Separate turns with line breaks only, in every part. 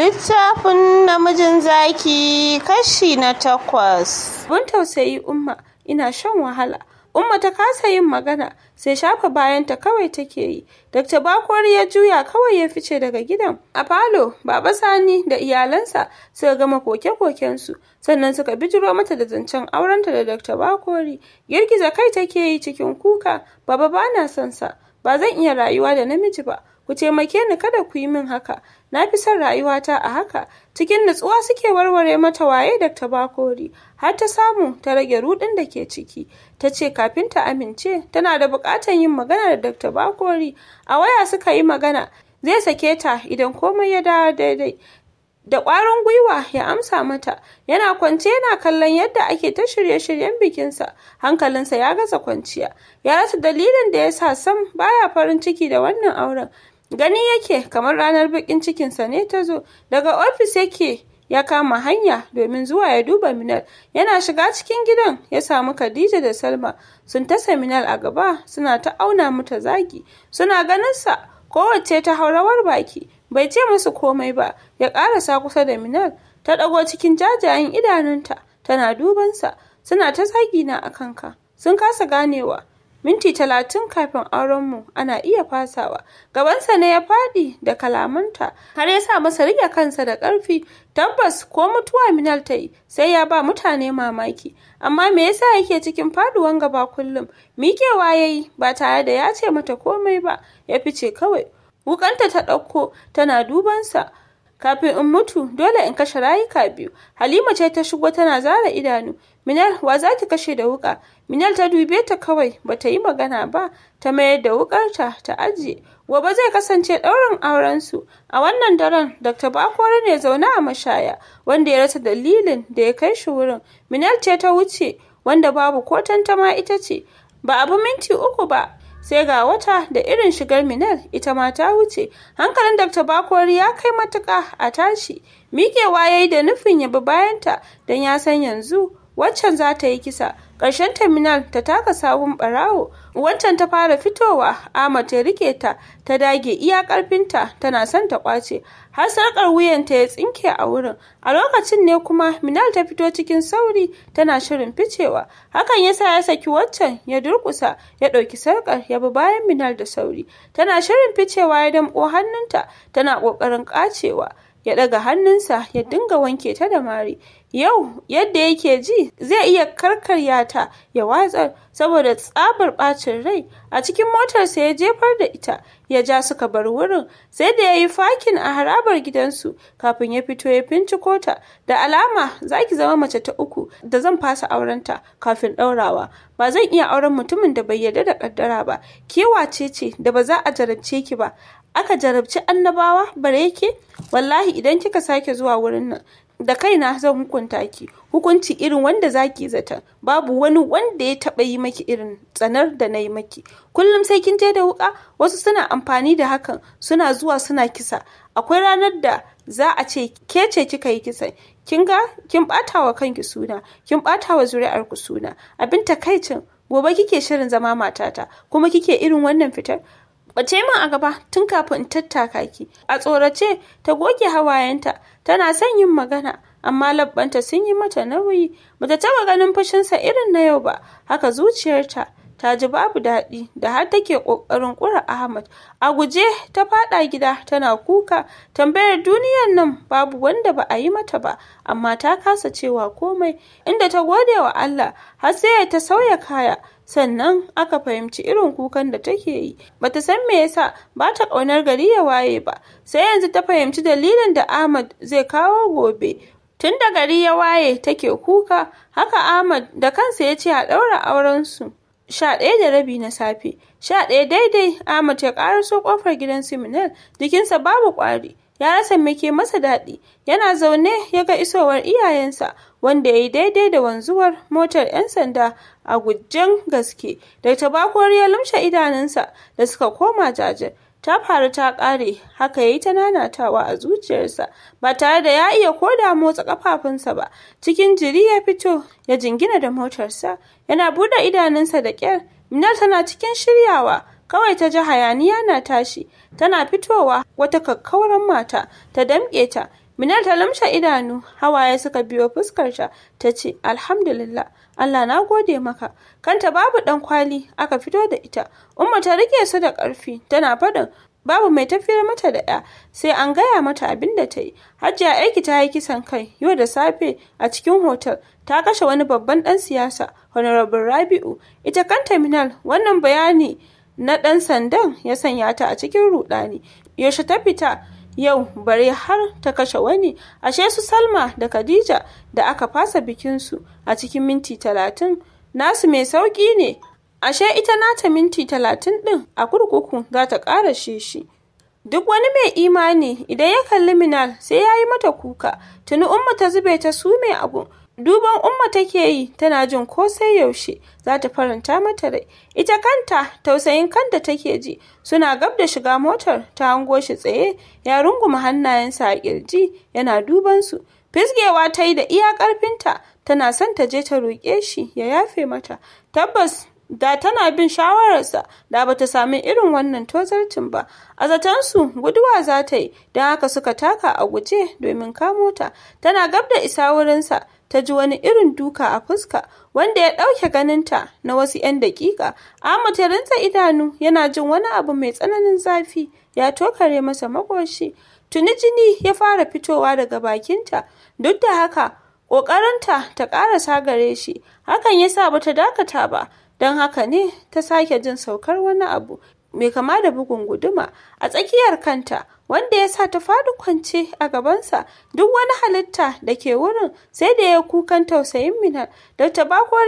Littafin Namijin Zaki kashi na takwas. Bun tausayi Umma, ina shan wahala. Umma ta kasa yin magana, sai shafa bayanta kawai take yi. Dr. Bakori ya juya kawai ya fice daga gidan. A falo, Baba Sani da iyalansa suka gama koke-kokensu, sannan suka bijiro mata da zancen aurenta da Dr. Bakori. Girgiza kai take yi cikin kuka, Baba bana son sa, ba zan iya rayuwa da namiji ba. ku taimake ni kada ku yi min haka na fi son rayuwata a haka cikin nutsuwa suke warware mata waye da ta bakori har ta samu ta rage rudin da ke ciki ta ce kafin ta amince tana da bukatan yin magana da dr bakori a waya suka yi magana zai sake ta idan komai ya dawo daidai da ƙwarin gwiwa ya amsa mata yana kwance yana kallon yadda ake ta shirye-shiryen bikinsa hankalinsa ya gaza kwanciya ya rasa dalilin da ya sa sam baya farin ciki da wannan auren Gani yake kamar ranar baƙin cikinsa ne ta zo, daga ofis yake ya kama hanya domin zuwa ya duba Minal. Yana shiga cikin gidan ya samu Khadija da Salma sun tasa Minal a gaba suna ta auna mata zagi. Suna ganinsa kowace ta haurawar baki bai ce musu komai ba ya ƙarasa kusa da Minal ta ɗago cikin jajayen idanunta tana dubansa suna ta zagi na akan ka sun kasa ganewa. minti talatin kafin aurenmu ana iya fasawa gabansa ne ya faɗi da kalamanta har ya sa masa rike kansa da ƙarfi tabbas ko mutuwa minal ta yi sai ya ba mutane mamaki amma me yasa yake cikin faduwan gaba kullum miƙewa ya yi ba tare da ya ce mata komai ba ya fice kawai wukanta ta ɗauko tana dubansa kafin in mutu dole in kashe rayuka biyu halima ce ta shigo tana zara idanu minal wa za ta kashe da wuka minal ta dube ta kawai ba ta yi magana ba ta mayar da wukar ta ta ajiye gobe zai kasance ɗaurin aurensu. a wannan daren dr bakore ne zaune a mashaya wanda ya rasa dalilin da ya kai shi wurin minal ce ta wuce wanda babu ko tantama ita ce ba abu minti uku ba sai ga wata da irin shigar minal ita ma ta wuce hankalin dr bakori ya kai matuka a tashi miƙewa ya yi da nufin yabi bayanta don ya san yanzu waccan za ta yi kisa ƙarshen terminal ta taka sabon ɓarawo wancan ta fara fitowa ama ta rike ta ta dage iya ƙarfinta tana son ta ƙwace har sarƙar wuyanta ya tsinke a wurin a lokacin ne kuma minal ta fito cikin sauri tana shirin ficewa hakan ya sa ya saki waccan ya durƙusa ya ɗauki sarƙar ya bi bayan minal da sauri tana shirin ficewa ya damƙo hannunta tana ƙoƙarin ƙacewa ya ɗaga hannunsa ya dinga wanke ta da mari yau yadda yake ji zai iya karkarya ta ya watsar saboda tsabar bacin rai a cikin motarsa ya jefar da ita ya ja suka bar wurin sai da ya yi fakin a harabar gidansu kafin ya fito ya finciko ta da alama za ki zama mace ta uku da zan fasa aurenta kafin ɗaurawa ba zan iya auren mutumin da bai yarda da ƙaddara ba ke wace ce da ba za a jarabce ki ba aka jarabci annabawa bare ke wallahi idan kika sake zuwa wurin nan da kai na zan hukunta ki hukunci irin wanda zaki zata babu wani wanda ya taɓa yi maki irin tsanar da na yi maki kullum sai kin je da wuka wasu suna amfani da hakan suna zuwa suna kisa akwai ranar da za a ce ke ce kika yi kisan kin ga kin bata wa kanki suna kin bata wa zuri'ar ku suna abin takaicin gobe kike shirin zama matata kuma kike irin wannan fitar bace min a gaba tun kafin in tattaka ki a tsorace ta goge hawayenta tana son yin magana amma labbanta sun yi mata nauyi ta taba ganin fushinsa irin na yau ba haka zuciyarta ta ji babu daɗi da har take ƙoƙarin ƙura Ahmad. A guje ta faɗa gida tana kuka tambayar duniyar nan babu wanda ba a yi mata ba amma ta kasa cewa komai inda ta gode wa Allah har sai ta sauya kaya sannan aka fahimci irin kukan da take yi bata san me yasa ba ta ƙaunar gari ya waye ba sai yanzu ta fahimci dalilin da Ahmad zai kawo gobe tun da gari ya waye take kuka haka Ahmad da kansa ya ce a ɗaura auren su sha ɗaya da rabi na safe sha ɗaya daidai Ahmad ya karaso kofar gidan Siminal jikinsa babu ƙwari ya rasa me ke masa daɗi yana zaune ya ga isowar iyayensa wanda ya yi daidai da wanzuwar motar 'yan sanda a gujen gaske da tabakuwar ya lumshe idanunsa da suka koma jajir ta faru ta ƙare haka ya yi ta nanatawa a zuciyarsa ba tare da ya iya koda motsa kafafunsa ba cikin jiri ya fito ya jingina da motarsa yana buɗe idanunsa da ƙyar minar tana cikin shiryawa Kawai ta ji hayaniya na tashi, tana fitowa wata kakkauran mata ta damƙe ta. Minal ta lamsha idanu, hawaye suka biyo fuskarta, ta ce, Alhamdulillah, Allah na gode maka. Kanta babu ɗan kwali, aka fito da ita. Umma ta rike su da ƙarfi, tana faɗin, babu mai tafiyar mata da ya sai an gaya mata abin da ta yi hajiya aiki ta yi kisan kai yau da safe a cikin hotel ta kashe wani babban ɗan siyasa honorable rabi'u ita kanta Minal, wannan bayani na ɗan sandan ya sanya ta a cikin rudani yaushe ta fita yau bare har ta kashe wani ashe su salma da khadija da aka fasa bikinsu a cikin minti talatin nasu mai sauki ne ashe ita nata minti talatin ɗin a kurkuku za ta ƙara shi duk wani mai imani idan ya kalli minal sai ya yi mata kuka tuni umma ta zube ta su mai abu Duban Umma take yi tana jin ko sai yaushe za ta faranta mata rai. Ita kanta tausayin kanta take ji suna gab da shiga motar ta hango shi tsaye ya runguma hannayensa a kirji yana duban su. Fisgewa ta yi da iya ƙarfinta tana son ta je ta roƙe shi ya yafe mata. Tabbas da tana bin shawararsa da bata sami irin wannan tozarcin ba a zatansu guduwa za ta yi don haka suka taka a guje domin kamo ta tana gab da isa wurinsa ta ji wani irin duka a fuska wanda ya ɗauke ganinta na wasu 'yan daƙiƙa. Ahmad ya rinta idanu yana jin wani abu mai tsananin zafi ya tokare masa makoshi. Tuni jini ya fara fitowa daga bakinta duk da haka ƙoƙarinta ta ƙara sagare shi hakan ya sa ta dakata ba don haka ne ta sake jin saukar wani abu mai kama da bugun guduma a tsakiyar kanta wanda ya sa ta faɗi kwance a gabansa duk wani halitta da ke wurin sai da ya kukan tausayin minal da ta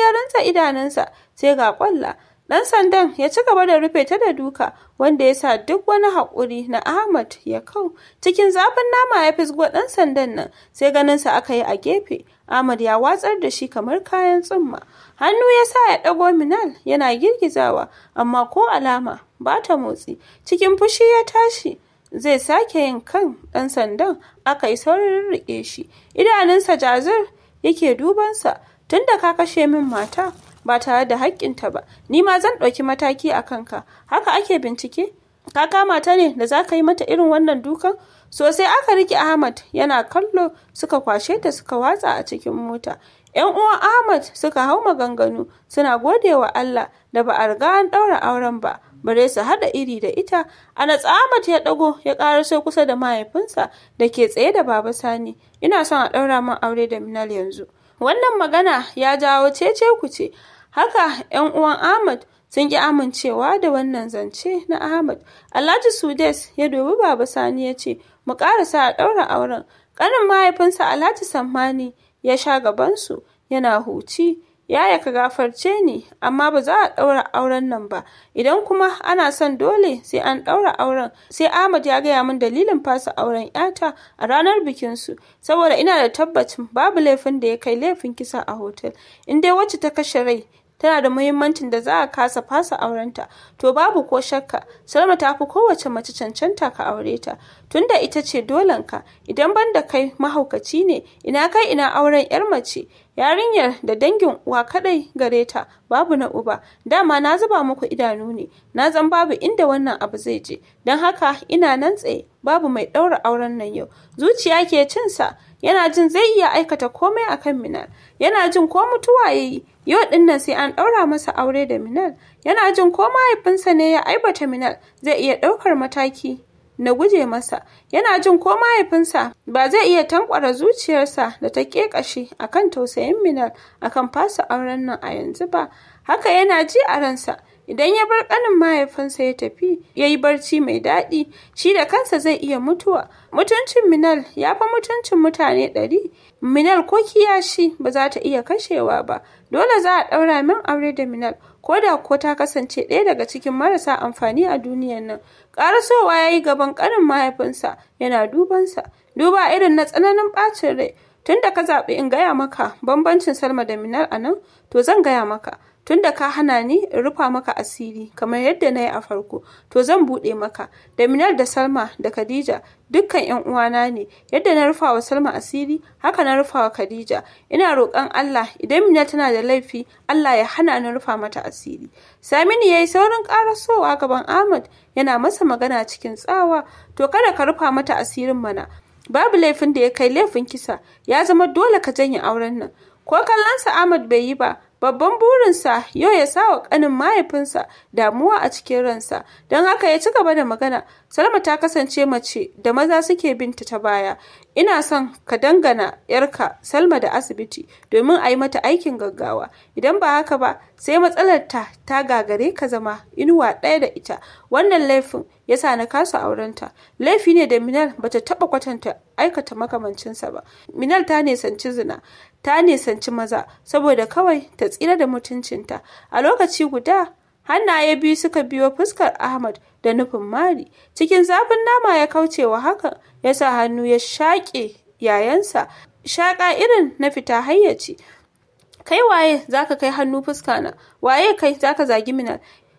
ya rantsa idanunsa sai ga kwalla ɗan sandan ya ci gaba da rufe ta da duka wanda ya sa duk wani haƙuri na ahmad ya kau cikin zafin nama ya fisgo ɗan sandan nan sai ganinsa aka yi a gefe ahmad ya watsar da shi kamar kayan tsumma hannu ya sa ya ɗago minal yana girgizawa amma ko alama ba ta motsi cikin fushi ya tashi zai sake yin kan ɗan sandan aka yi saurin rike shi idanunsa jazir yake dubansa tun da ka kashe min mata ba tare da haƙƙinta ba ni ma zan ɗauki mataki a kanka haka ake bincike ka kama ta ne da za ka yi mata irin wannan dukan sosai aka riƙe ahmad yana kallo suka kwashe ta suka watsa a cikin mota 'yan uwan ahmad suka hau maganganu suna gode wa allah da ba a riga an ɗaura auren ba bare su haɗa iri da ita ana tsamat ya ɗago ya sai kusa da mahaifinsa da ke tsaye da baba sani ina son a ɗaura min aure da minal yanzu wannan magana ya jawo cece ce. haka yan uwan ahmad sun ƙi amincewa da wannan zance na ahmad alhaji sudes ya dubi baba sani ya ce mu karasa a ɗaura auren kanin mahaifinsa alhaji sammani ya sha gabansu yana huci yaya ka gafarce ni amma ba za a ɗaura auren nan ba idan kuma ana son dole sai an ɗaura auren sai Ahmad ya gaya min dalilin fasa auren yata a ranar bikin su saboda ina da tabbacin babu laifin da ya kai laifin kisa a hotel in dai wacce ta kashe rai tana da muhimmancin da za a kasa fasa aurenta to babu ko shakka Salma ta fi kowace mace cancanta ka aure ta tunda ita ce dolanka idan ban da kai mahaukaci ne ina kai ina auren yar mace yarinyar da dangin uwa kadai gare ta babu na uba dama na zuba muku idanu ne na zan babu inda wannan abu zai je don haka ina nan tsaye babu mai ɗaura auren nan yau zuciya ke cinsa yana jin zai iya aikata komai akan minar yana jin ko mutuwa ya yi. Yau ɗin nan sai an ɗaura masa aure da Minal. Yana jin ko mahaifinsa ne ya aibata Minal zai iya ɗaukar mataki na guje masa. Yana jin ko mahaifinsa ba zai iya tankwara zuciyarsa da ta a kan tausayin Minal akan fasa auren nan a yanzu ba. Haka yana ji a ransa. Idan ya bar ƙanin mahaifinsa ya tafi, ya yi barci mai daɗi, shi da kansa zai iya mutuwa. Mutuncin Minal ya fi mutuncin mutane ɗari. Minal ko kiyashi ba za ta iya kashewa ba, Dole za a ɗaura min aure da Minal, ko da ko ta kasance ɗaya daga cikin marasa amfani a duniyan nan. Ƙarasowa ya yi gaban ƙarin mahaifinsa, yana dubansa. Duba irin na tsananin ɓacin rai. Tun da ka zaɓi in gaya maka bambancin Salma da Minal a nan, to zan gaya maka. Tun da ka hana ni in rufa maka asiri kamar yadda na yi a farko to zan buɗe maka da minar da salma da khadija dukkan yan uwana ne yadda na rufa wa salma asiri haka na rufa wa khadija ina roƙon allah idan Minna tana da laifi allah ya hana ni rufa mata asiri saminu ya yi saurin ƙarasowa gaban ahmad yana masa magana cikin tsawa to kada ka rufa mata asirin mana babu laifin da ya kai laifin kisa ya zama dole ka janye auren nan ko kallonsa ahmad bai yi ba Babban burinsa yau ya sa wa ƙanin mahaifinsa damuwa a cikin ransa, don haka ya ci gaba da magana. Salma ta kasance mace da maza suke binta ta baya, Ina son ka dangana ‘yarka Salma da asibiti domin a yi mata aikin gaggawa, idan ba haka ba sai matsalar ta ta gagare ka zama inuwa ɗaya da ita. Wannan laifin ya sa na kasa aurenta. Laifi ne da Minal ba ta taɓa kwatanta aikata makamancinsa ba. Minal ta nisanci zina, ta nisanci maza saboda kawai ta tsira da mutuncinta. A lokaci guda hannaye biyu suka biyo fuskar Ahmad da nufin mari cikin zafin nama ya kauce wa haka ya sa hannu ya shaƙe yayansa shaƙa irin na fita hayyaci kai waye zaka kai hannu fuska waye kai zaka zagi minal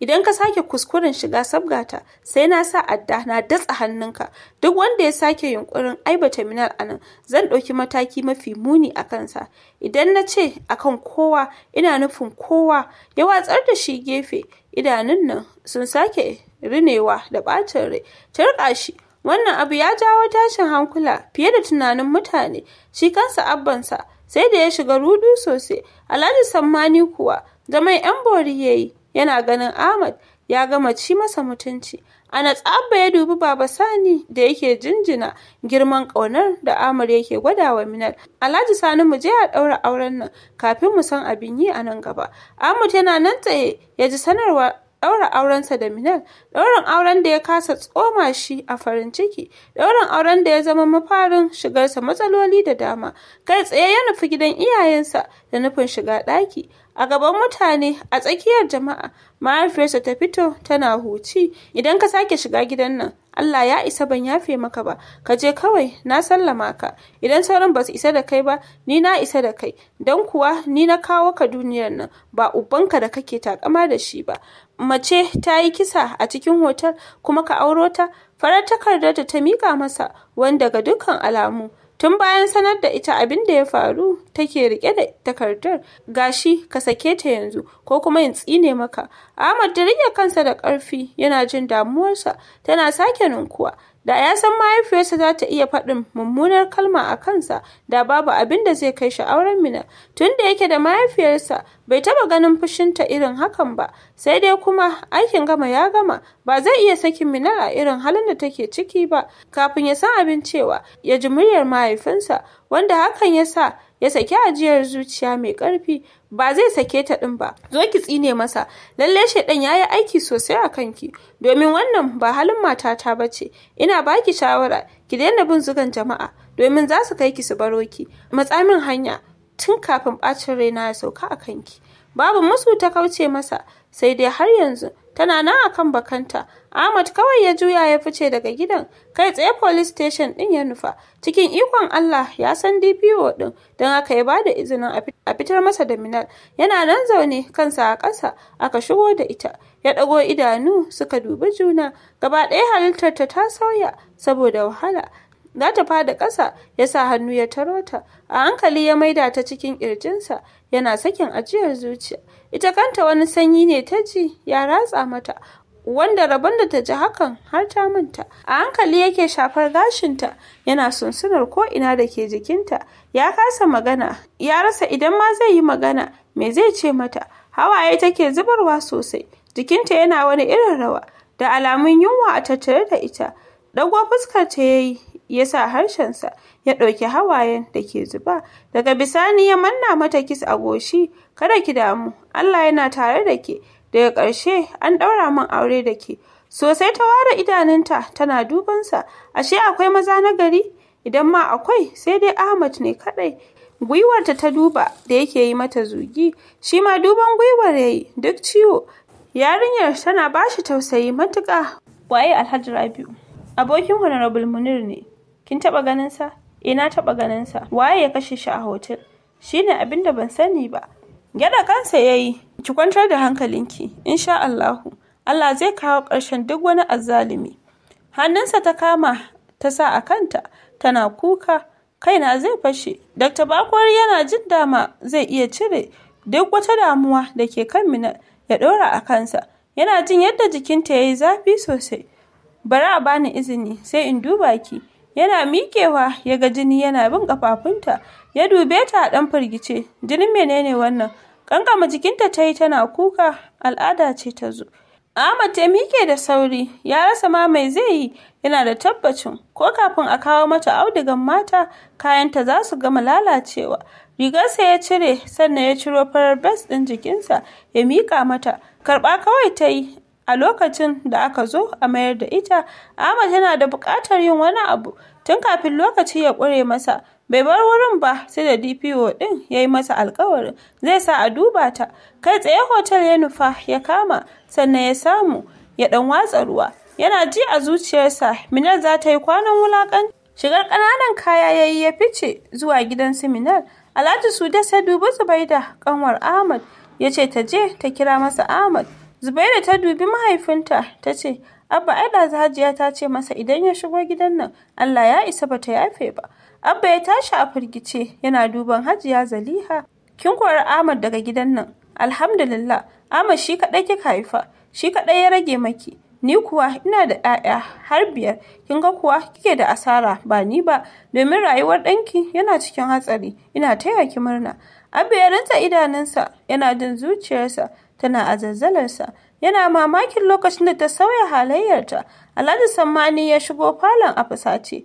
idan ka sake kuskuren shiga sabgata sai na sa adda na datsa hannunka duk wanda ya sake yunkurin ba terminal anan zan ɗauki mataki mafi muni a kansa idan na ce akan kowa ina nufin kowa ya watsar da shi gefe idanun nan sun sake rinewa da ɓacin rai ta shi wannan abu ya jawo tashin hankula fiye da tunanin mutane shi kansa abbansa sai da ya shiga rudu sosai alhaji sammani kuwa zaman yan bori ya yi yana ganin Ahmad ya gama ci masa mutunci. Anas Abba ya dubi Baba Sani da yake jinjina girman ƙaunar da Amur yake gwadawa Minal. Alhaji Sani mu je a ɗaura auren nan kafin mu san abin yi a nan gaba. Amur yana nan tsaye ya ji sanarwa ɗaura aurensa da Minal, ɗaurin auren da ya kasa tsoma shi a farin ciki, ɗaurin auren da ya zama mafarin shigarsa matsaloli da dama, kai tsaye ya nufi gidan iyayensa da nufin shiga ɗaki. A gaban mutane a tsakiyar jama'a, mahaifiyarsa ta fito tana huci, idan ka sake shiga gidan nan, Allah ya isa ban yafe maka ba ka je kawai na sallama ka idan sauran ba su isa da kai ba ni na isa da kai don kuwa ni na kawo ka duniyar nan ba ubanka da kake takama da shi ba mace ta yi kisa a cikin hotel kuma ka auro ta farar takardar da ta mika masa wanda ga dukkan alamu tun bayan sanar da ita abin da ya faru take rike da takardar gashi ka sake ta yanzu ko kuma in tsine maka Ahmad da rike kansa da ƙarfi yana jin damuwarsa tana sake ninkuwa Da ya san mahaifiyarsa za ta iya faɗin mummunar kalma a kansa, da babu abin da zai kai shi auren Mina. Tun da yake da mahaifiyarsa, bai taɓa ganin fushinta irin hakan ba, sai dai kuma aikin gama ya gama, ba zai iya sakin Mina a irin halin da take ciki ba, kafin ya san abin cewa ya ji muryar mahaifinsa, wanda hakan ya sa ya saki ajiyar zuciya mai ƙarfi ba zai sake ta ɗin ba zo ki tsine masa lalle shaidan ya yi aiki sosai a kanki domin wannan ba halin matata ba ce ina baki shawara ki daina bin zugan jama'a domin za su kai ki su baro ki matsamin hanya tun kafin ɓacin raina ya sauka a kanki babu musu ta kauce masa sai dai har yanzu tana nan akan bakanta Ahmad kawai ya juya ya fice daga gidan kai tsaye police station din ya nufa cikin ikon Allah ya san DPO din don aka ya bada izinin a fitar masa da Minal yana nan zaune kansa a ƙasa aka shigo da ita ya ɗago idanu suka dubi juna gaba ɗaya halittar ta sauya saboda wahala za ta fada ƙasa ya sa hannu ya taro ta a hankali ya maida ta cikin ƙirjinsa yana sakin ajiyar zuciya ita kanta wani sanyi ne ta ji ya ratsa mata wanda rabon da ta ji hakan har ta manta a hankali yake shafar gashinta yana sunsunar ko ina da ke jikinta ya kasa magana ya rasa idan ma zai yi magana me zai ce mata hawaye take zubarwa sosai jikinta yana wani irin rawa da alamun yunwa a tattare da ita dagwa fuskar ta yayi ya sa harshensa ya ɗauki hawayen da ke zuba daga bisani ya manna mata kis a goshi kada ki damu Allah yana tare da ke daga ƙarshe an ɗaura min aure da ke sosai ta ware idanunta tana dubansa ashe akwai maza na gari idan ma akwai sai dai Ahmad ne kaɗai gwiwarta ta duba da yake yi mata zugi shi ma duban gwiwar yayi duk ciwo yarinyar tana bashi tausayi matuƙa waye Alhaji Rabiu abokin honorable Munir ne Kin taɓa ganin sa? Eh na taɓa ganin sa. Waye ya kashe shi a hotel? Shine abin da ban sani ba. Gyada kansa yayi. Ki kwantar da hankalinki, insha Allahu. Allah zai kawo ƙarshen duk wani azzalumi. Hannunsa ta kama ta sa a kanta, tana kuka, kaina zai fashe. Dr. Bakwar yana jin dama zai iya cire duk wata damuwa da ke kan mina ya ɗora a kansa. Yana jin yadda jikinta ya yi zafi sosai. Bari a bani izini sai in duba ki. yana mikewa ya ga jini yana bin ƙafafunta ya dube ta a ɗan firgice jinin menene wannan Kankama jikinta ta yi tana kuka al'ada ce ta zo Ahmad ya mike da sauri ya rasa ma mai zai yi yana da tabbacin ko kafin a kawo mata audugan mata kayanta za su gama lalacewa rigarsa ya cire sannan ya ciro farar bas ɗin jikinsa ya miƙa mata karɓa kawai ta yi a lokacin da aka zo a mayar da ita Ahmad yana da buƙatar yin wani abu tun kafin lokaci ya ƙure masa bai bar wurin ba sai da DPO din ya yi masa alƙawarin zai sa a duba ta kai tsaye hotel ya nufa ya kama sannan ya samu ya ɗan watsa ruwa yana ji a zuciyarsa Minal za ta yi kwanan wulaƙan shigar ƙananan kaya ya yi ya fice zuwa gidan su Alhaji Sude sai dubi Zubaida ƙanwar Ahmad ya ce ta je ta kira masa Ahmad Zubairu ta dubi mahaifinta ta ce, Abba ai za Hajiya ta ce masa idan ya shigo gidan nan Allah ya isa ba ta yafe ba. Abba ya tashi a firgice yana duban Hajiya Zaliha. Kin kori Ahmad daga gidan nan. Alhamdulillah, Ahmad shi kaɗai kika haifa, shi kaɗai ya rage maki. Ni kuwa ina da ‘ya'ya har biyar, kin ga kuwa kike da asara ba ni ba, domin rayuwar ɗanki yana cikin hatsari, ina taya ki murna. Abba ya rinta idanunsa yana jin zuciyarsa tana a azazzalarsa yana mamakin lokacin da ta sauya halayyarta alhaji sammani ya shigo falon a fusace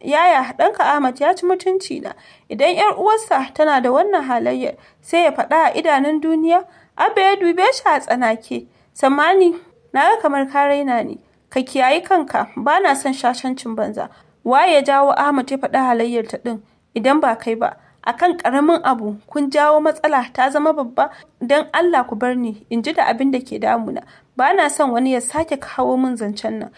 yaya haɗanka ahmad ya ci mutunci na idan yar uwarsa tana da wannan halayyar sai ya faɗa a idanun duniya abba ya dube shi a tsanake sammani na ga kamar ka raina ne ka kiyayi kanka ba na son shashancin banza waye ya jawo ahmad ya faɗa halayyarta ɗin idan ba kai ba akan karamin abu kun jawo matsala ta zama babba don Allah ku bar ni in ji da abin da ke damuna ba na son wani ya sake kawo min zancen nan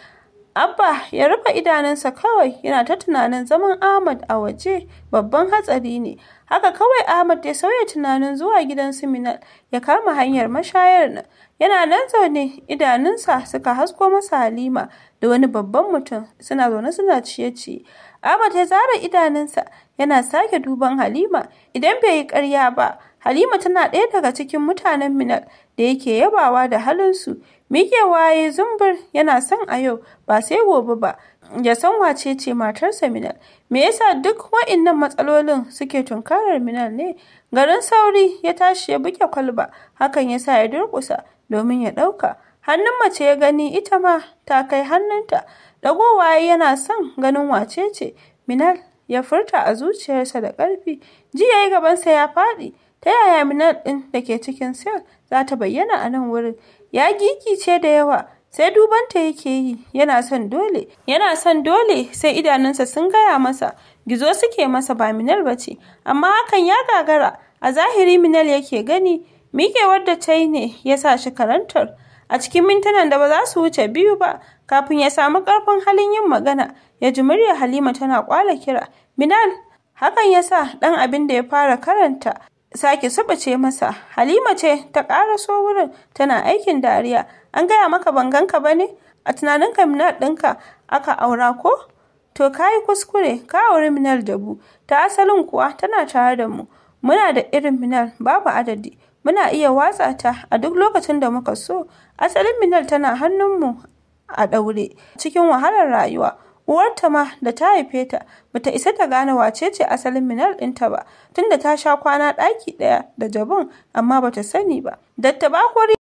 Abba ya rufe idanunsa kawai yana ta tunanin zaman Ahmad a waje babban hatsari ne. Haka kawai Ahmad ya sauya tunanin zuwa gidan Siminal ya kama hanyar mashayar nan. Yana nan zaune idanunsa suka hasko masa Halima da wani babban mutum suna zaune suna ciye-ciye. Ahmad ya zara idanunsa yana sake duban Halima idan bai yi karya ba. Halima tana ɗaya daga cikin mutanen Minal da yake yabawa da halinsu. mike waye zumbur yana son a yau ba sai gobe ba ya san wace ce matarsa Minal. Me yasa duk wa'innan matsalolin suke tunkarar Minal ne? Garin sauri ya tashi ya buke kwalba hakan ya sa ya durkusa domin ya ɗauka. Hannun mace ya gani ita ma ta kai hannunta. dago waye yana son ganin wace ce. Minal ya furta a zuciyarsa da ƙarfi. Jiya ya gabansa ya faɗi. Ta yaya Minal ɗin da ke cikin sel za ta bayyana a nan wurin? ya gigice da yawa sai dubanta yake yi yana son dole yana son dole sai idanunsa sun gaya masa gizo suke masa ba minal ba ce amma hakan ya gagara a zahiri minal yake gani miƙewar da ta ne ya sa shi karantar a cikin mintunan da ba za su wuce biyu ba kafin ya samu karfin halin yin magana ya ji murya halima tana kwala kira minal hakan ya sa ɗan abin da ya fara karanta sake subace masa halima ce ta so wurin tana aikin dariya an gaya maka ban ganka ba ne a tunaninka minar ɗinka aka aura ko to ka yi kuskure ka auri minar dabu ta asalin kuwa tana tare da mu muna da irin minar babu adadi muna iya watsa ta a duk lokacin da muka so asalin minar tana hannunmu a ɗaure cikin wahalar rayuwa Uwarta ma da ta haife ta bata isa ta gane wacece asalin Minal ɗinta ba tunda ta sha kwana ɗaki ɗaya da Jabun amma bata sani ba. Dattabai